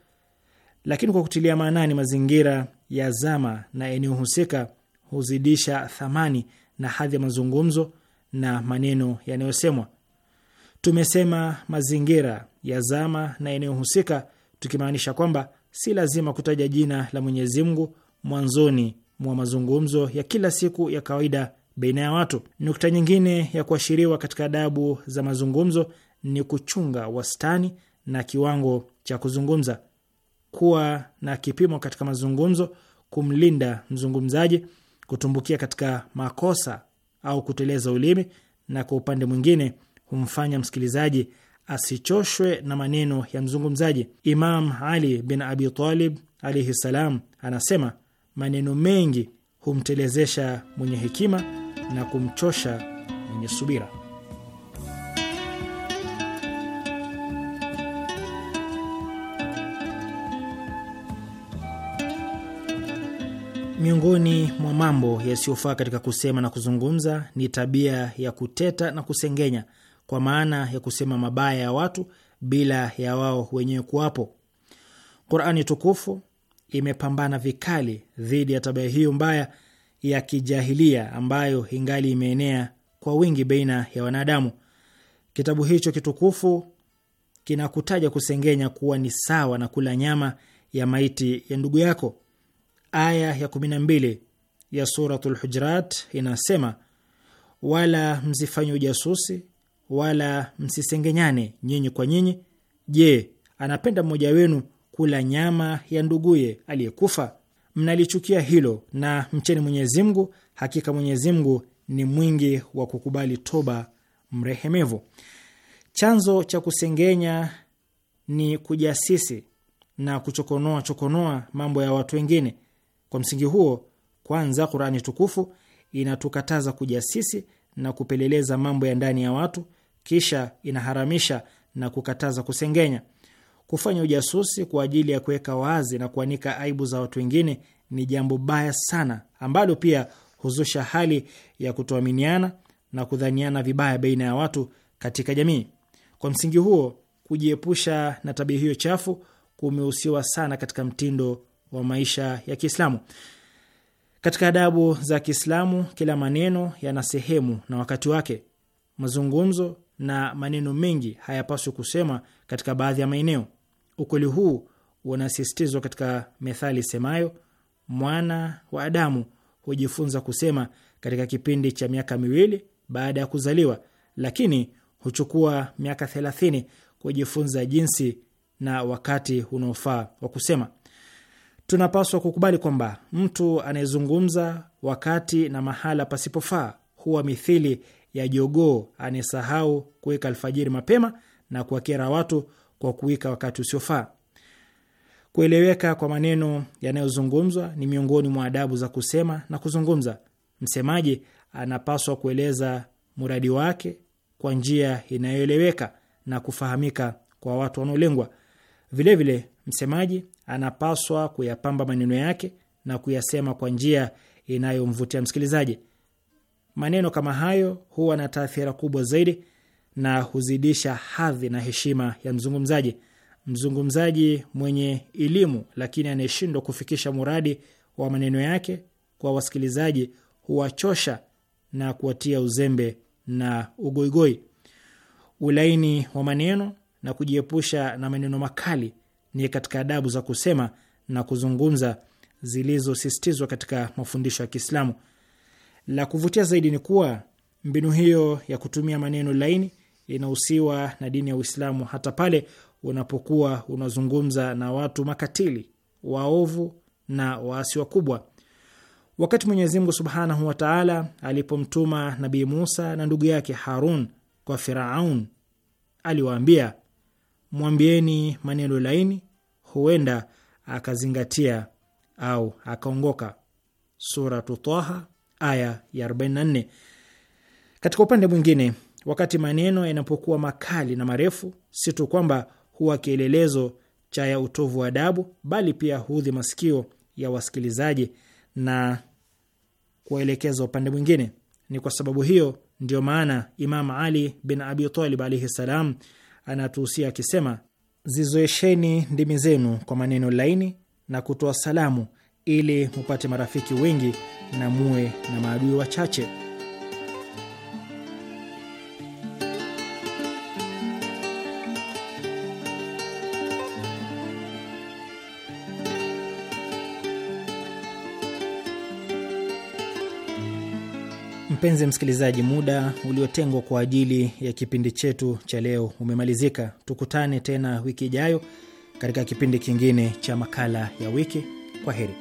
lakini kwa kutilia maanani mazingira ya zama na eneo husika, huzidisha thamani na hadhi ya mazungumzo na maneno yanayosemwa. Tumesema mazingira ya zama na eneo husika, tukimaanisha kwamba si lazima kutaja jina la Mwenyezi Mungu mwanzoni mwa mazungumzo ya kila siku ya kawaida baina ya watu. Nukta nyingine ya kuashiriwa katika adabu za mazungumzo ni kuchunga wastani na kiwango cha kuzungumza. Kuwa na kipimo katika mazungumzo kumlinda mzungumzaji kutumbukia katika makosa au kuteleza ulimi, na kwa upande mwingine humfanya msikilizaji asichoshwe na maneno ya mzungumzaji. Imam Ali bin Abi Talib alaihi ssalam anasema maneno mengi humtelezesha mwenye hekima na kumchosha mwenye subira. Miongoni mwa mambo yasiyofaa katika kusema na kuzungumza ni tabia ya kuteta na kusengenya kwa maana ya kusema mabaya ya watu bila ya wao wenyewe kuwapo. Qurani tukufu imepambana vikali dhidi ya tabia hiyo mbaya ya kijahilia ambayo ingali imeenea kwa wingi baina ya wanadamu. Kitabu hicho kitukufu kinakutaja kusengenya kuwa ni sawa na kula nyama ya maiti ya ndugu yako. Aya ya 12 ya Suratul Hujurat inasema, wala msifanye ujasusi wala msisengenyane nyinyi kwa nyinyi. Je, anapenda mmoja wenu kula nyama ya nduguye aliyekufa? Mnalichukia hilo na mcheni Mwenyezi Mungu, hakika Mwenyezi Mungu ni mwingi wa kukubali toba, mrehemevu. Chanzo cha kusengenya ni kujasisi na kuchokonoa chokonoa mambo ya watu wengine. Kwa msingi huo, kwanza Kurani tukufu inatukataza kujasisi na kupeleleza mambo ya ndani ya watu kisha inaharamisha na kukataza kusengenya. Kufanya ujasusi kwa ajili ya kuweka wazi na kuanika aibu za watu wengine ni jambo baya sana, ambalo pia huzusha hali ya kutoaminiana na kudhaniana vibaya baina ya watu katika jamii. Kwa msingi huo, kujiepusha na tabia hiyo chafu kumehusiwa sana katika mtindo wa maisha ya Kiislamu. Katika adabu za Kiislamu, kila maneno yana sehemu na wakati wake. Mazungumzo na maneno mengi hayapaswi kusema katika baadhi ya maeneo. Ukweli huu unasisitizwa katika methali semayo, mwana wa Adamu hujifunza kusema katika kipindi cha miaka miwili baada ya kuzaliwa, lakini huchukua miaka thelathini kujifunza jinsi na wakati unaofaa wa kusema. Tunapaswa kukubali kwamba mtu anayezungumza wakati na mahala pasipofaa huwa mithili ya jogoo anayesahau kuweka alfajiri mapema na kuwakera watu kwa kuwika wakati usiofaa. Kueleweka kwa maneno yanayozungumzwa ni miongoni mwa adabu za kusema na kuzungumza. Msemaji anapaswa kueleza mradi wake kwa njia inayoeleweka na kufahamika kwa watu wanaolengwa. Vilevile, msemaji anapaswa kuyapamba maneno yake na kuyasema kwa njia inayomvutia msikilizaji. Maneno kama hayo huwa na taathira kubwa zaidi na huzidisha hadhi na heshima ya mzungumzaji. Mzungumzaji mwenye elimu lakini anayeshindwa kufikisha muradi wa maneno yake kwa wasikilizaji huwachosha na kuwatia uzembe na ugoigoi. Ulaini wa maneno na kujiepusha na maneno makali ni katika adabu za kusema na kuzungumza zilizosisitizwa katika mafundisho ya Kiislamu. La kuvutia zaidi ni kuwa mbinu hiyo ya kutumia maneno laini inahusiwa na dini ya Uislamu hata pale unapokuwa unazungumza na watu makatili, waovu na waasi wakubwa. Wakati Mwenyezi Mungu subhanahu wa taala alipomtuma Nabii Musa na ndugu yake Harun kwa Firaun, aliwaambia mwambieni maneno laini, huenda akazingatia au akaongoka. Suratu Taha aya ya 44. Katika upande mwingine, wakati maneno yanapokuwa makali na marefu, si tu kwamba huwa kielelezo cha ya utovu wa adabu, bali pia huudhi masikio ya wasikilizaji na kuwaelekeza upande mwingine. Ni kwa sababu hiyo ndiyo maana Imam Ali bin Abi Talib alaihi salam anatuhusia akisema, zizoesheni ndimi zenu kwa maneno laini na kutoa salamu ili mupate marafiki wengi na muwe na maadui wachache. Mpenzi msikilizaji, muda uliotengwa kwa ajili ya kipindi chetu cha leo umemalizika. Tukutane tena wiki ijayo katika kipindi kingine cha makala ya wiki. Kwa heri.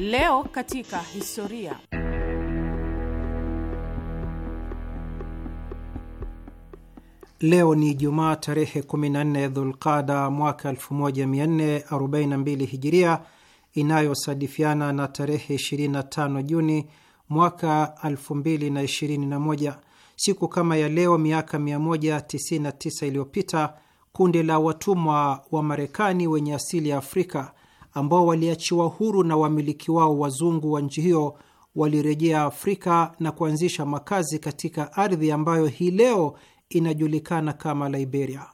Leo katika historia. Leo ni Jumaa tarehe 14 Dhulqada mwaka 1442 Hijiria, inayosadifiana na tarehe 25 Juni mwaka 2021. Siku kama ya leo miaka 199 iliyopita kundi la watumwa wa Marekani wenye asili ya Afrika ambao waliachiwa huru na wamiliki wao wazungu wa nchi hiyo, walirejea Afrika na kuanzisha makazi katika ardhi ambayo hii leo inajulikana kama Liberia.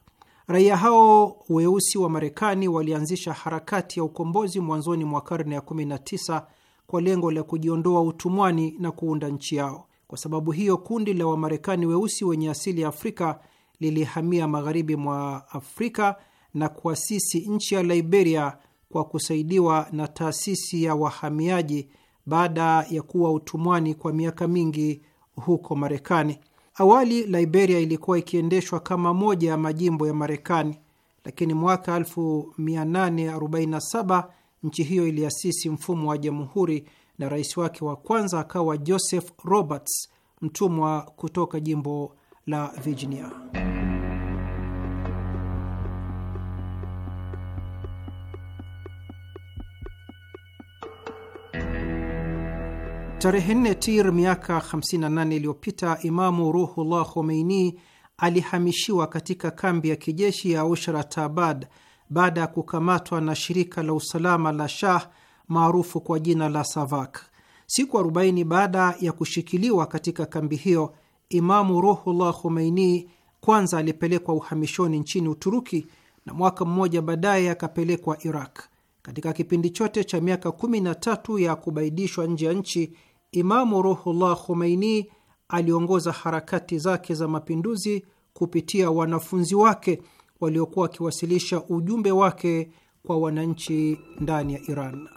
Raia hao weusi wa Marekani walianzisha harakati ya ukombozi mwanzoni mwa karne ya 19 kwa lengo la kujiondoa utumwani na kuunda nchi yao. Kwa sababu hiyo, kundi la Wamarekani weusi wenye asili ya Afrika lilihamia magharibi mwa Afrika na kuasisi nchi ya Liberia kwa kusaidiwa na taasisi ya wahamiaji baada ya kuwa utumwani kwa miaka mingi huko Marekani. Awali Liberia ilikuwa ikiendeshwa kama moja ya majimbo ya Marekani, lakini mwaka 1847 nchi hiyo iliasisi mfumo wa jamhuri na rais wake wa kwanza akawa Joseph Roberts, mtumwa kutoka jimbo la Virginia. Tarehe nne Tir miaka 58 iliyopita Imamu Ruhullah Khomeini alihamishiwa katika kambi ya kijeshi ya abad baada ya kukamatwa na shirika la usalama la Shah maarufu kwa jina la SAVAK. Siku 40 baada ya kushikiliwa katika kambi hiyo, Imamu Ruhullah Khomeini kwanza alipelekwa uhamishoni nchini Uturuki na mwaka mmoja baadaye akapelekwa Iraq. Katika kipindi chote cha miaka 13 ya kubaidishwa nje ya nchi, Imamu Ruhullah Khomeini aliongoza harakati zake za mapinduzi kupitia wanafunzi wake waliokuwa wakiwasilisha ujumbe wake kwa wananchi ndani ya Iran.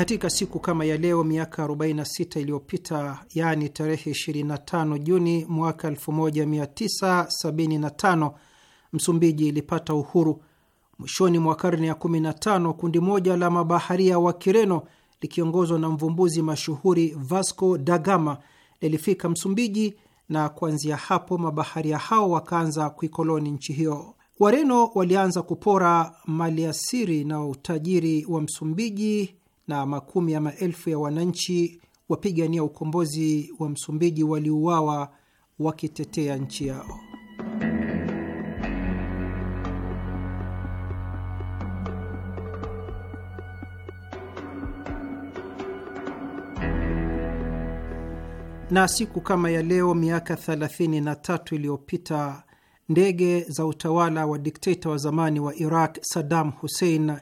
Katika siku kama ya leo miaka 46 iliyopita, yaani tarehe 25 Juni mwaka 1975, Msumbiji ilipata uhuru. Mwishoni mwa karne ya 15, kundi moja la mabaharia wa Kireno likiongozwa na mvumbuzi mashuhuri Vasco da Gama lilifika Msumbiji, na kuanzia hapo mabaharia hao wakaanza kuikoloni nchi hiyo. Wareno walianza kupora maliasiri na utajiri wa Msumbiji na makumi ya maelfu ya wananchi wapigania ukombozi wa Msumbiji waliuawa wakitetea nchi yao. Na siku kama ya leo miaka 33 iliyopita ndege za utawala wa dikteta wa zamani wa Iraq Saddam Hussein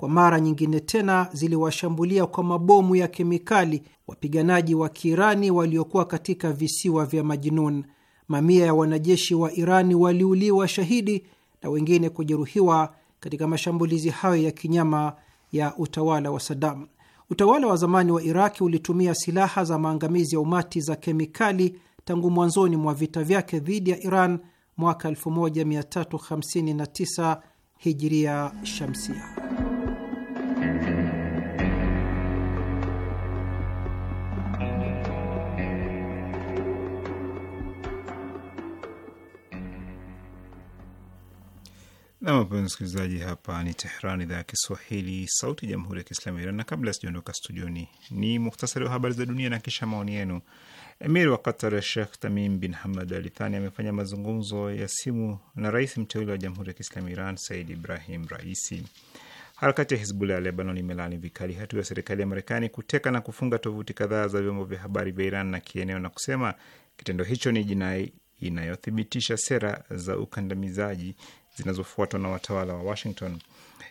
kwa mara nyingine tena ziliwashambulia kwa mabomu ya kemikali wapiganaji wa Kiirani waliokuwa katika visiwa vya Majinun. Mamia ya wanajeshi wa Irani waliuliwa shahidi na wengine kujeruhiwa katika mashambulizi hayo ya kinyama ya utawala wa Sadam. Utawala wa zamani wa Iraki ulitumia silaha za maangamizi ya umati za kemikali tangu mwanzoni mwa vita vyake dhidi ya Iran mwaka 1359 hijiria shamsia. Na wapenzi msikilizaji, hapa ni Tehran, idhaa ya Kiswahili, sauti ya jamhuri ya kiislamu ya Iran. Na kabla sijaondoka studioni, ni muhtasari wa habari za dunia na kisha maoni yenu. Emir wa Qatar Shekh Tamim bin Hamad Al Thani amefanya mazungumzo ya simu na rais mteule wa jamhuri ya kiislamu Iran Said Ibrahim Raisi. Harakati ya Hizbullah ya Lebanon imelaani vikali hatua ya serikali ya Marekani kuteka na kufunga tovuti kadhaa za vyombo vya habari vya Iran na kieneo na kusema kitendo hicho ni jinai inayothibitisha sera za ukandamizaji zinazofuatwa na watawala wa Washington.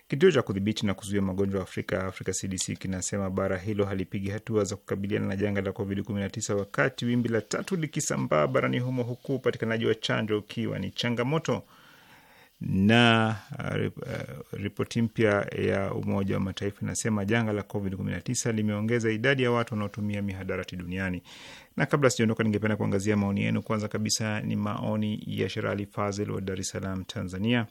Kituo cha kudhibiti na kuzuia magonjwa Afrika, afrika CDC, kinasema bara hilo halipigi hatua za kukabiliana na janga la COVID-19 wakati wimbi la tatu likisambaa barani humo, huku upatikanaji wa chanjo ukiwa ni changamoto na uh, uh, ripoti mpya ya Umoja wa Mataifa inasema janga la COVID-19 limeongeza idadi ya watu wanaotumia mihadarati duniani. Na kabla sijaondoka, ningependa kuangazia maoni yenu. Kwanza kabisa ni maoni ya Sherali Fazil wa Dar es Salaam, Tanzania.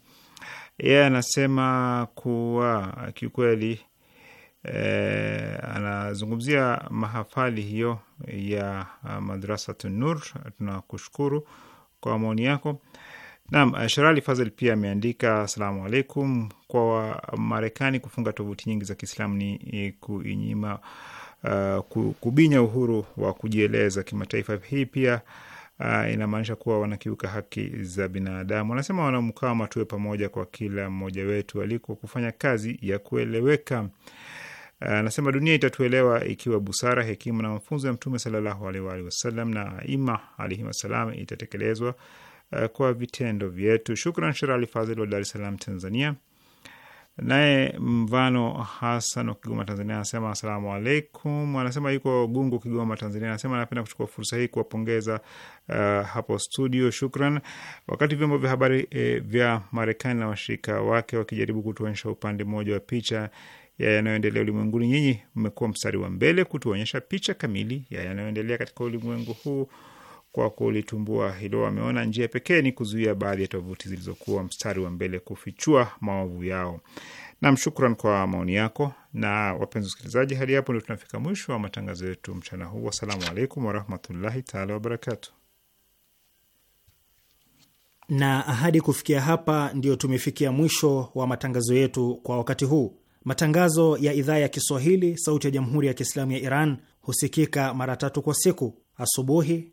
Yeye anasema kuwa kiukweli, eh, anazungumzia mahafali hiyo ya uh, Madrasatun Nur. Tunakushukuru kwa maoni yako. Naam, eh, Sherali Fazel pia ameandika asalamu alaikum. Kwa Marekani kufunga tovuti nyingi za Kiislamu ni eh, kuinyima uh, kubinya uhuru wa kujieleza kimataifa. Hii pia uh, inamaanisha kuwa wanakiuka haki za binadamu. Wanasema wanamkama, tuwe pamoja kwa kila mmoja wetu aliko kufanya kazi ya kueleweka. Anasema uh, dunia itatuelewa ikiwa busara, hekima na mafunzo ya Mtume sallallahu alaihi wasallam na aima alaihi wassalam itatekelezwa Eh, kwa vitendo vyetu. Shukran Sherali Fadhili wa Dar es Salaam, Tanzania. Naye Mvano Hasan wa Kigoma, Tanzania anasema asalamu alaikum. Anasema yuko Gungu, Kigoma, Tanzania. Anasema anapenda kuchukua fursa hii kuwapongeza uh, hapo studio, shukran. Wakati vyombo vya habari e, vya Marekani na washirika wake wakijaribu kutuonyesha upande mmoja wa picha ya yanayoendelea ulimwenguni, nyinyi mmekuwa mstari wa mbele kutuonyesha picha kamili ya yanayoendelea katika ulimwengu huu kwa kulitumbua hilo, wameona njia pekee ni kuzuia baadhi ya tovuti zilizokuwa mstari wa mbele kufichua maovu yao. Nam, shukran kwa maoni yako. Na wapenzi wasikilizaji, hadi hapo ndio tunafika mwisho wa matangazo yetu mchana huu. Wassalamu alaikum warahmatullahi taala wabarakatu. Na ahadi kufikia hapa, ndio tumefikia mwisho wa matangazo yetu kwa wakati huu. Matangazo ya idhaa ya Kiswahili sauti ya jamhuri ya Kiislamu ya Iran husikika mara tatu kwa siku: asubuhi